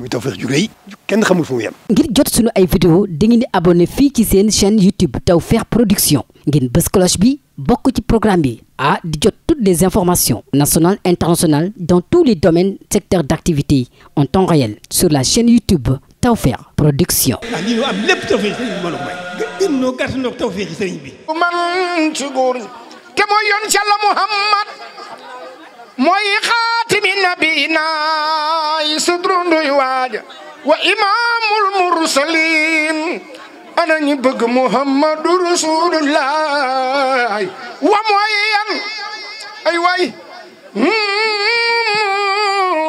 muy Tawfekh ju rëy kenn xamul ngir jot sunu ay vidéo dangeen di abonné fii ci seen chaîne YouTube Tawfekh Production ngeen bës bi bokk ci programme bi ah di jot toutes les informations nationales internationales dans tous les domaines secteurs d'activité en temps réel sur la chaîne YouTube Tawfekh Production. ah lii ñu am lépp Tawfekh sëriñ bi mën a bi. man ci góor te mooy yoon Yàlla Muhammad mooy xaar. نبينا ستر دوي واجا وإمام المرسلين أنا نبغ محمد رسول الله وموين أي واي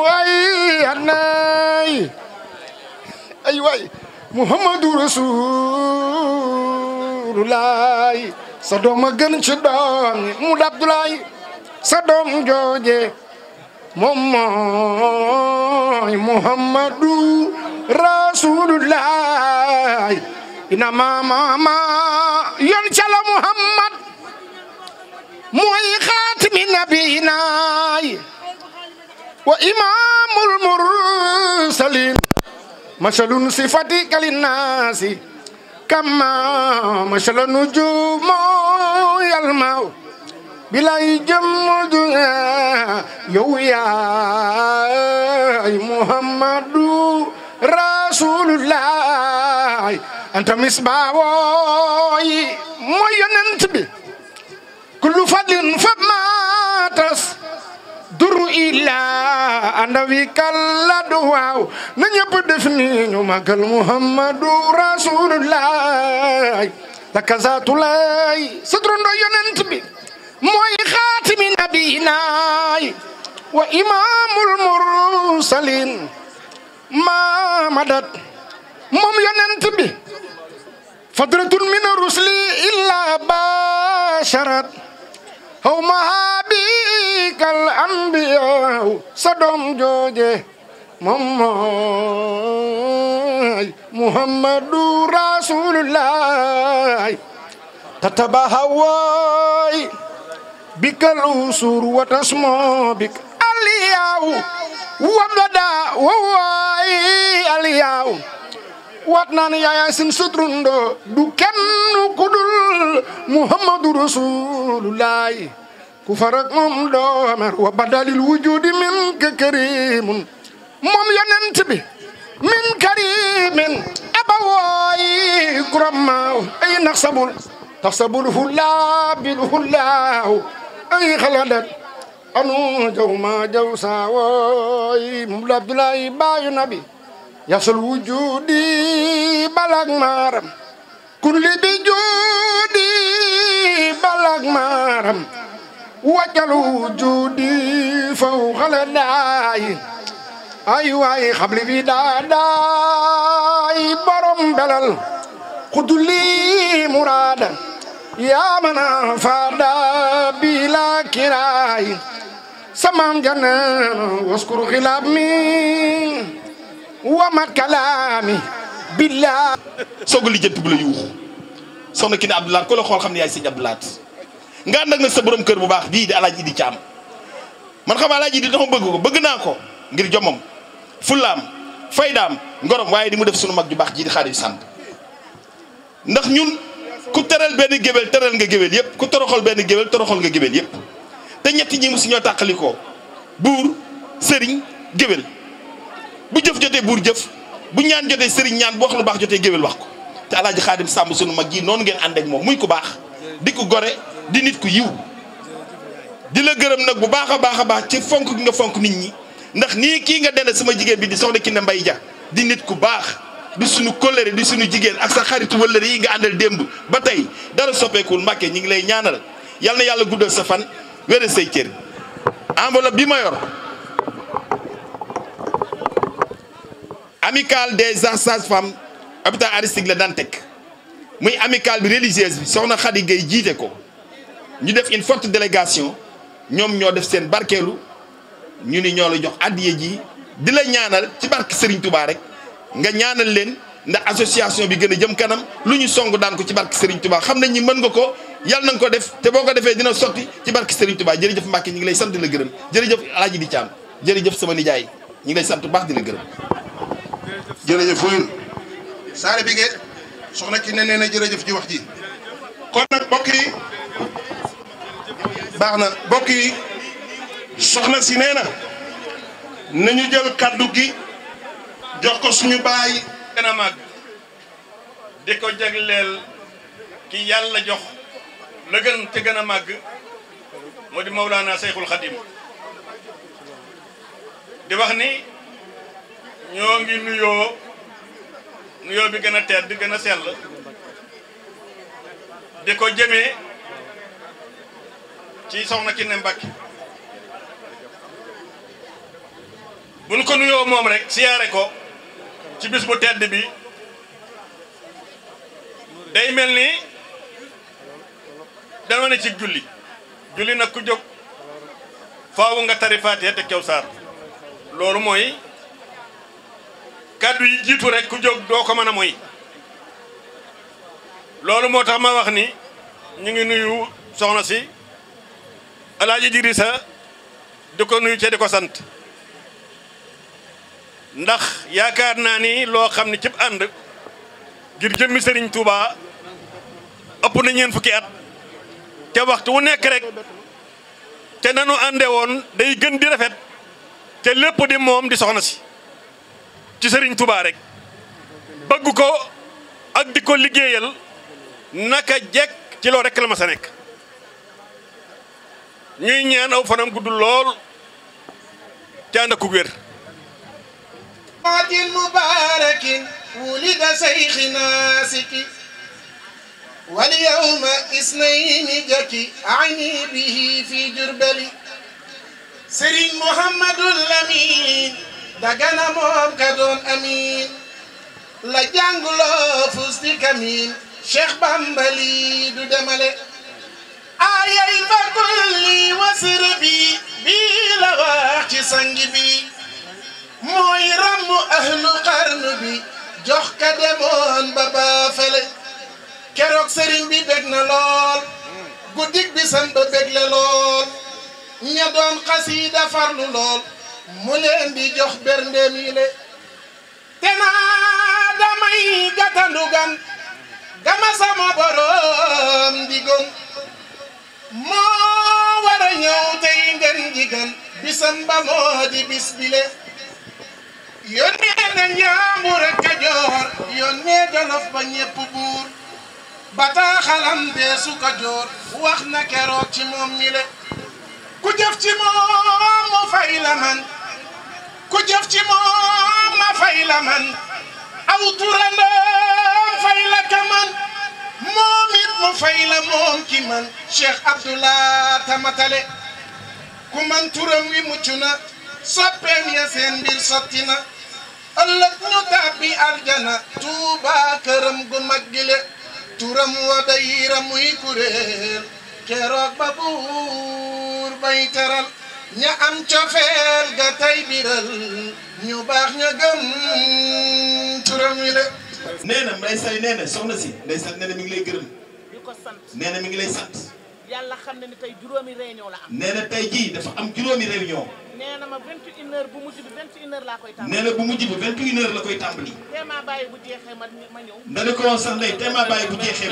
واي أناي أي واي محمد رسول الله صدوم غن شدام مود عبد الله صدوم جوجي moom mooy muhammadu rasulullah ina mama yon cala muhammad mooy xaatimi nabiyinaay wa imamul mursalin masalun sifati kalinnaasi kama masala nujum yalmaw bilay jammuduna yow yaay muhammadu rasulullah anta mooy yonent bi kullu fadlin fa maatas duru ilaa andawi kalladu waaw na ñëpp def ni ñu magal muhammadu rasulullah la kazaatu lay sa turandoo yonent bi وإمام المرسلين ما مدد مم ينتبه فدرة من الرسل إلا باشرت هما بك الأنبياء صدم جوجه مم محمد رسول الله تتبهوي بك الأسر وتسمو بك الياو وامدا وواي الياو واتنان يا ياسين سترندو دو كن كدل محمد رسول الله كفرك مم دومر وبدل الوجود منك كريم مم يننتبه من كريم أبواي كرماو أي نخصبول تخصبوله الله بله الله أي خلدت anu jaw ma jaw saawoy mubla abdoulaye baayu nabi yasul wujudi balak maram kulli bi judi balak maram wajal wujudi faw xale daay ay waay xabli bi daadaay borom belal xuduli murada yaa ma na faada kiraay samam janaan waskur xilaab mi wamat kalaami billaa soog a lijjanti bu la yuuxu soxna ki ne abdoulaat ku la xool xam ne yaay sëñ abdoulaat nga ànd ak nag sa kër bu baax bii di alaaj idi caam man xam alaaj idi dama bëgg ko bëgg naa ko ngir jomom fullaam faydaam ngorom waaye di mu def sunu mag ju baax jii di xaar yu ndax ñun ku tëral benn géwél tëral nga géwél yëpp ku toroxal benn géwél toroxal nga géwél yëpp te ñetti ñi si ñoo tàqalikoo buur sëriñ géwél bu jëf jotee buur jëf bu ñaan jotee sëriñ ñaan bu wax lu baax jotee géwél wax ko te alaaji xaadim sàmm sunu mag yi noonu ngeen ànd ak moom muy ku baax di ku gore di nit ku yiw di la gërëm nag bu baax a baax a baax ci fonk gi nga fonk nit ñi ndax nii kii nga dend sama jigéen bi di soxna Kiné Mbaye Dia di nit ku baax di suñu kóllëre di suñu jigéen ak sa xaritu wëllëre yi nga àndal démb ba tey dara soppeekul Mbàkke ñi ngi lay ñaanal yal na yàlla guddal sa fan wéral say cër enveloppe bi ma yor amicale des sages-femmes hôpital Aristide Le Dantec muy amicale bi religieuse bi soxna Khady Gueye jiite ko ñu def une forte délégation ñoom ñoo def seen barkeelu ñu ni ñoo la jox addiye ji di la ñaanal ci barke Serigne Touba rek nga ñaanal leen ndax association bi gën a jëm kanam lu ñu song daan ko ci barke Serigne Touba xam nañ ñi mën nga ko yàlla na nga ko def te boo ko defee dina sotti ci barke Serigne Touba jër Mbacke ñu ngi lay sant di la gërëm jërëjëf Alaaji di Caam jërëjëf sama nijaay ñu ngi lay sant baax di la gërëm. jërëjëf Boyul. Saare bi ngeen soxna ki ne nee na jërëjëf ji wax ji. kon mbokk yi baax na mbokk yi soxna si nee na ñu jël kàddu gi. jox ko suñu baay gën a màgg di ko jagleel ki yàlla jox la gën te gën a màgg moo di Mawlaana Seyxul Xadim di wax ni ñoo ngi nuyoo nuyoo bi gën a tedd di gën a sell di ko jëmee ci soxna Kiné Mbàkke buñ ko nuyoo moom rek siyaare ko ci bis bu tedd bi day mel ni dama ne ci julli julli nag ku jóg faawu nga tari Faatiha te kew saar loolu mooy kàddu yi jiitu rek ku jóg doo ko mën a moy loolu moo tax ma wax ni ñu ngi nuyu soxna si Alaaji Idrissa di ko nuyu ca di ko sant ndax yaakaar naa ni loo xam ne cëb ànd ngir jëmmi sëriñ Touba ëpp na ñeen fukki at te waxtu wu nekk rek te nanu ànde woon day gën di rafet te lépp di moom di soxna si ci sëriñ Touba rekk bëgg ko ak di ko liggéeyal naka jekk ci loo rek la ma sa nekk ñuy ñaan aw fanam gudd lool te ànd ku wér موت مبارك ولد شيخ ناسك واليوم اثنين جك عني به في جربلي سرين محمد الأمين دغنا موم كدون أمين لا جانغلو فوزدي كمين شيخ بامبلي دو دمالي آية الفرق اللي وسر بي بي لواحد سنجي بي mu ahlu xarnu bi jox ka demoon ba baafale keroog sëriñ bi bég na lool guddig bi san ba bégle lool ña doon xasiida farlu lool mu leen di jox berndeem le te naa damay gatandu gan gama sama borom digoon moo war a ñëw tey bisan ba moo di bis bile yónnee na Njaambur ak Kajoor yónnee Jolof ba ñépp buur bataaxalam deesu Kajoor wax na keroog ci moom le ku jëf ci moom mu fay man ku jëf ci moom ma fay man aw turandoom fay la ka man moom it mu fay la moom ki man Cheikh ku man turam wi mucc na soppeem ya seen mbir sotti na ëllëg ñu tàbbi aljana tuuba këram gu maggile turam wa day ramuy kuréel keroog ba buur bay teral ña am cofeel ga tey biral ñu baax ña gëm turam wi le nee na nday say nee na si nday say nee na mi ngi lay gërëm nee mi ngi lay sant yàlla xam na ni tey juróomi réunion la am. nee na tey jii dafa am juróomi réunion. nee ma 21h bu mujj bi 21h laa koy tàmbali. nee la koy tàmbali. teemaa bàyyi bu jeexee ma ma ñëw. ne ko woon sax ndey teemaa bàyyi bu jeexee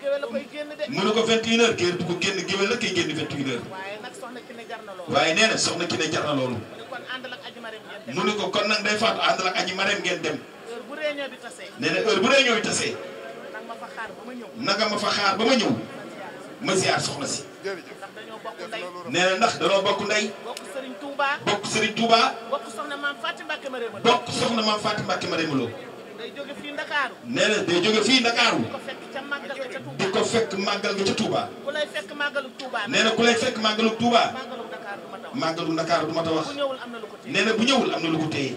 géwél la koy génn de. mu ne ko 21h géwél na loolu. waaye nee na soxna ki ne na loolu. mu ne ko kon nag day faatu àndal ak aji mareem ngeen dem. heure bu réunion bi tasee. nee na heure bu réunion bi tasee. naka ma fa xaar ba ma ñëw. naka ma fa xaar ba ma ñëw. ma ziar soxna si nee na ndax danoo bokk ndey bokk Serigne Touba bokk soxna maam Fatou Mbacke Marème Lo bokk soxna maam Fatou Mbacke Marème Lo nee na day jóge fii Ndakaaru di ko fekk màggal ga ca Touba nee na ku lay fekk màggalu Touba màggalu Ndakaaru du ma ta wax nee na bu ñëwul am na lu ko téye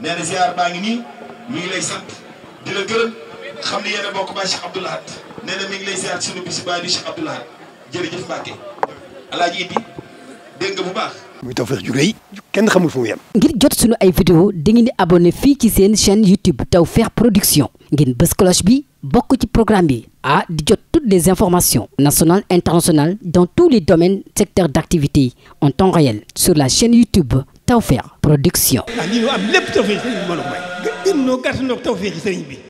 nee na ziar baa ngi nii mi ngi lay sant di la gërëm. xam ni yéen bokk baay Cheikh Abdou Lahad nee sunu bi si baay bi Cheikh Abdou Lahad jërëjëf Mbacke alaaji dégg nga bu baax. muy Tawfekh ju rëy kenn xamul fu mu yem. ngir jot sunu ay vidéo dangeen di abonné fii ci seen chaîne YouTube Tawfekh Production ngeen bës cloche bi bokk ci programme bi ah di jot toutes des informations nationales internationales dans tous les domaines secteurs d'activité en temps réel sur la chaine YouTube Tawfekh Production. ah